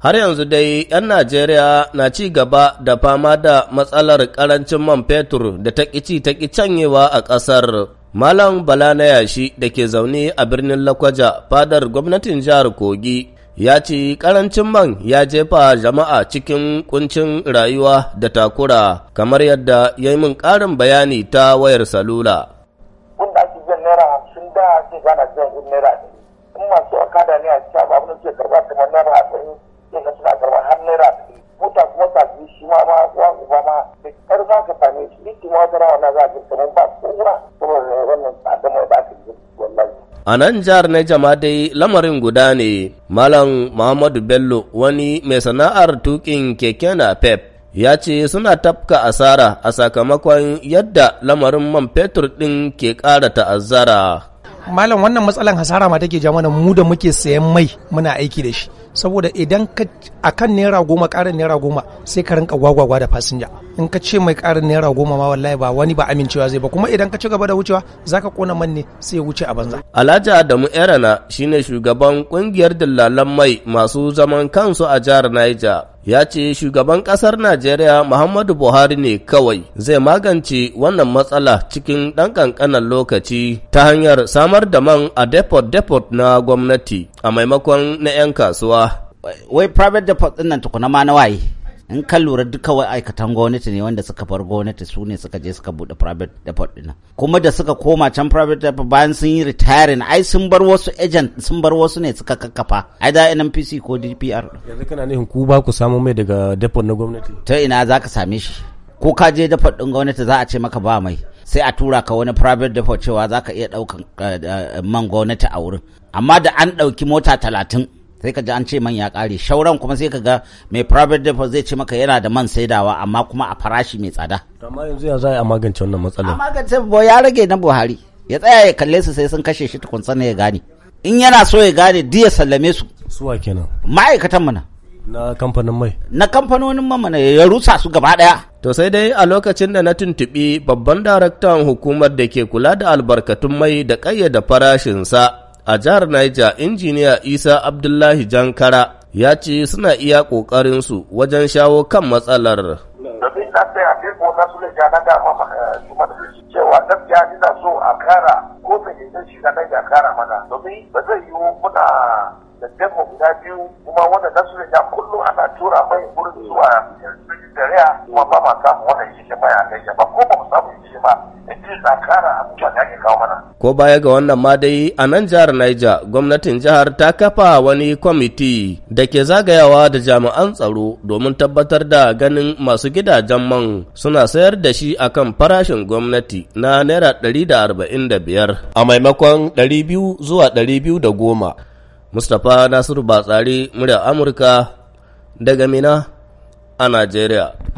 Har yanzu dai ‘yan Najeriya na ci gaba da fama da matsalar ƙarancin man fetur da ta taƙi canyewa a ƙasar. Malam Bala na yashi da ke zaune a birnin Lakwaja fadar gwamnatin jihar Kogi ya ce ƙarancin man ya jefa jama'a cikin kuncin rayuwa da takura kamar yadda ya yi min karin bayani ta wayar salula. masu akada ne a cikin abin da ke kamar naira sai ga suna karɓar har naira ɗari mota kuma ta fi shi ma ma uwa uba ma da kar za ka same shi duk ma wata rawa na za ka kamar ba kowa saboda wannan tsadar mai ba ka ji wallahi. A nan jihar Niger dai lamarin guda ne, Malam Muhammadu Bello wani mai sana'ar tukin keke na pep ya ce suna tafka asara a sakamakon yadda lamarin man fetur ɗin ke ƙara ta'azzara. malam wannan matsalan hasara ma take ja mana mu da muke sayan mai muna aiki da shi saboda idan ka kan naira goma karin naira goma sai ka rinka gwagwagwa da fasinja in ka ce mai karin naira goma ma wallahi ba wani ba amincewa zai ba kuma idan ka ci gaba da wucewa zaka kona man ne sai ya wuce a banza Alhaji Adamu Erana shine shugaban kungiyar dillalan mai masu zaman kansu a jihar Niger ya ce shugaban ƙasar Najeriya Muhammadu Buhari ne kawai zai magance wannan matsala cikin ɗan ƙanƙanan lokaci ta hanyar samar da man a depot-depot na gwamnati a maimakon na 'yan kasuwa. Wai private depot ɗin nan tukuna ma na waye? in kan lura kawai aikatan gwamnati ne wanda suka far gwamnati su ne suka je suka bude private depot din kuma da suka koma can private depot bayan sun yi retiring ai sun bar wasu agent sun bar wasu ne suka kakkafa ai da NNPC ko DPR yanzu kana nihin ku ba ku samu mai daga depot na gwamnati ta ina zaka same shi ko ka je depot din gwamnati za a ce maka ba mai sai a tura ka wani private depot cewa zaka iya daukan eh, eh, man gwamnati a wurin amma da an dauki mota talatin sai ka ji an ce man ya ƙare shauran kuma sai ka ga mai private depot zai ce maka yana da man saidawa amma kuma a farashi mai tsada amma yanzu ya za a magance wannan matsalar a magance ya rage na buhari ya tsaya ya kalle su sai sun kashe shi tukun sana ya gane in yana so ya gane duk ya sallame su suwa kenan ma'aikatan mana na kamfanin mai na kamfanonin mana ya rusa su gaba daya to sai dai a lokacin da na tuntuɓi babban daraktan hukumar da ke kula da albarkatun mai da ƙayyada farashinsa a jihar Niger injiniya Isa Abdullahi Jankara ya ce suna iya ƙoƙarinsu wajen shawo kan matsalar. Domin na sai a fi ƙoƙa su da jana da ma cewa gaskiya ina so a kara ko fahimtar shi na ya kara mana domin ba zai yiwu muna da demo guda biyu kuma wanda nasu da kullum ana tura mai gurin zuwa ko baya ga wannan ma dai a nan jihar Niger gwamnatin jihar ta kafa wani kwamiti da ke zagayawa da jami'an tsaro domin tabbatar da ganin masu gidajen man suna sayar da shi akan farashin gwamnati na naira ɗari da arba'in da biyar a maimakon 200 zuwa 210 Mustapha Nasiru Batsari, murya Amurka, daga Mina. a Najeriya.